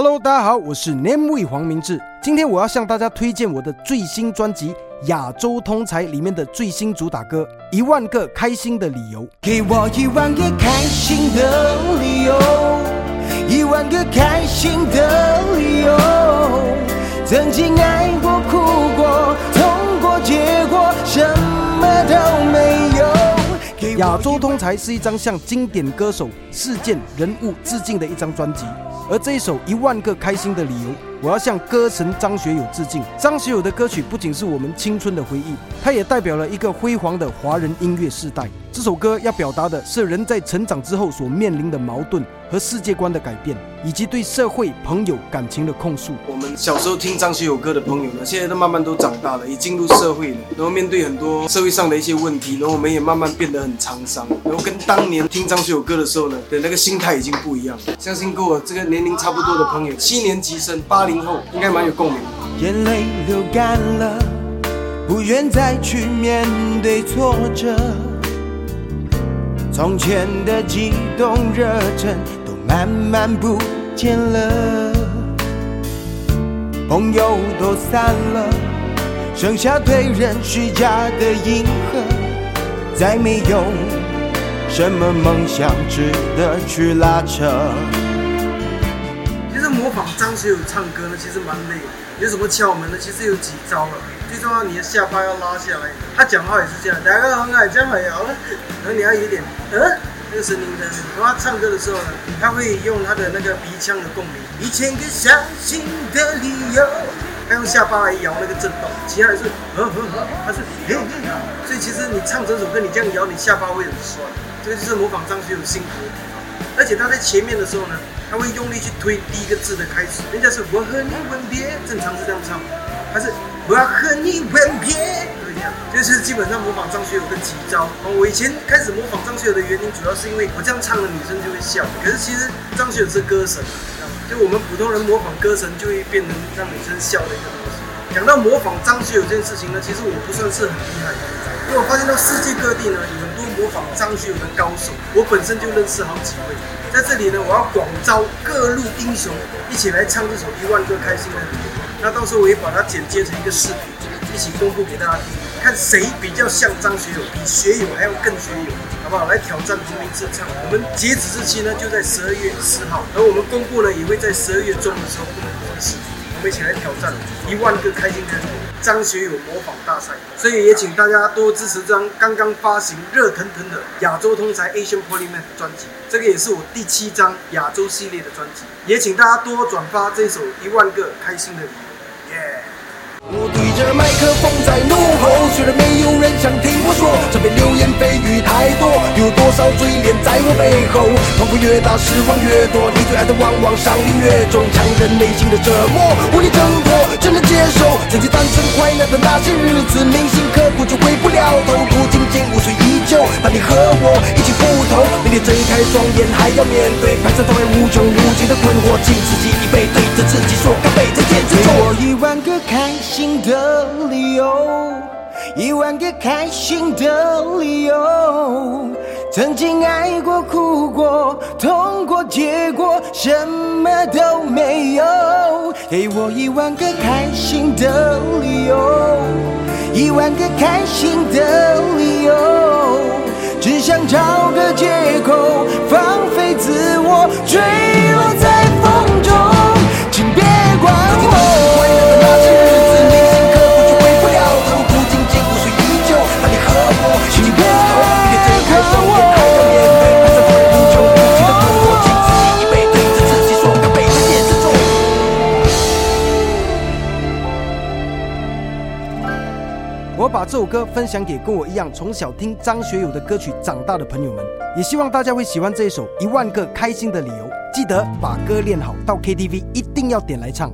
Hello，大家好，我是 Namewee 黃明志，今天我要向大家推薦我的最新專輯《亞洲通才》裡面的最新主打歌《一萬個開心的理由》。給我一萬個開心的理由，一萬個開心的理由，曾經愛過。《亞洲通才》是一張向經典歌手、事件、人物致敬的一張專輯，而這一首《一萬個開心的理由》，我要向歌神張學友致敬。張學友的歌曲不僅是我們青春的回憶，它也代表了一個輝煌的華人音樂世代。這首歌要表達的是人在成長之後所面臨的矛盾和世界觀的改變，以及對社會、朋友、感情的控訴。我們小時候聽張學友歌的朋友呢，現在都慢慢都長大了，也進入社會了，然後面對很多社會上的一些問題，然後我們也慢慢變得很滄桑。然後跟當年聽張學友歌的時候呢的那個心態已經不一樣了。相信跟我這個年齡差不多的朋友，七年級生，八。應該蠻有共鳴。眼淚流乾了，不願再去面對挫折。從前的激動熱忱都慢慢不見了，朋友都散了，剩下對人虛假的迎合。再沒有什麼夢想值得去拉扯。這個模仿張學友唱歌呢，其實蠻累的。有什麼竅門呢？其實有幾招了。最重要，你的下巴要拉下來。他講話也是這樣，大家很矮，張海瑤。然後你要有點呃，那個聲音的。然後他唱歌的時候呢，他會用他的那個鼻腔的共鳴。一千個傷心的理由，他用下巴來搖那個震動。其他也是呵呵呵，他是嘿嘿。 所以其實你唱這首歌，你這樣搖，你下巴會很酸。這個就是模仿張學友辛苦的地方。而且他在前面的時候呢。他會用力去推第一個字的開始，人家是我和你吻別，正常是這樣唱，他是我和你吻別，就是基本上模仿張學友的幾招，哦。我以前開始模仿張學友的原因，主要是因為我這樣唱的女生就會笑。可是其實張學友是歌神，啊，知道嗎？就我們普通人模仿歌神，就會變成讓女生笑的一個東西。講到模仿張學友這件事情呢，其實我不算是很厲害的。因為我發現到世界各地呢，有很多模仿張學友的高手，我本身就認識好幾位。在這裡呢，我要廣招各路英雄，一起來唱這首《一萬個開心的理由》。的那到時候我也把它剪輯成一個視頻，一起公布給大家聽，看誰比較像張學友，比學友還要更學友，好不好？來挑戰全民自唱。我們截止日期呢就在十二月十號，而我們公布呢也會在十二月中的時候公布。不能我們一起來挑戰一萬個開心的理由，張學友模仿大賽。所以也請大家多支持這張剛剛發行熱騰騰的亞洲通才 Asian Polymath 專輯。這個也是我第七張亞洲系列的專輯。也請大家多轉發這首一萬個開心的理由。Yeah! 我對着麥克風在怒吼，雖然沒有人想聽我說，這邊流言蜚語太多。多少罪孽在我背後？痛苦越大，失望越多。你最愛的往往傷你越重，強忍內心的折磨，無力掙脫，只能接受。曾經單純快樂的那些日子，銘心刻骨卻回不了頭。如今年華雖依舊，但你和我已經不同。每天睜開雙眼，還要面對排山倒海無窮無盡的困惑。鏡子前，背對着自己說：乾杯再見。給我一萬個開心的理由，一萬個開心的理由。曾經愛過、哭過、痛過，結果，什麼都沒有。給我一萬個開心的理由，一萬個開心的理由，只想找個借口。我把這首歌分享給跟我一樣從小聽張學友的歌曲長大的朋友們，也希望大家會喜歡這一首《一萬個開心的理由》。記得把歌練好，到 KTV 一定要點來唱。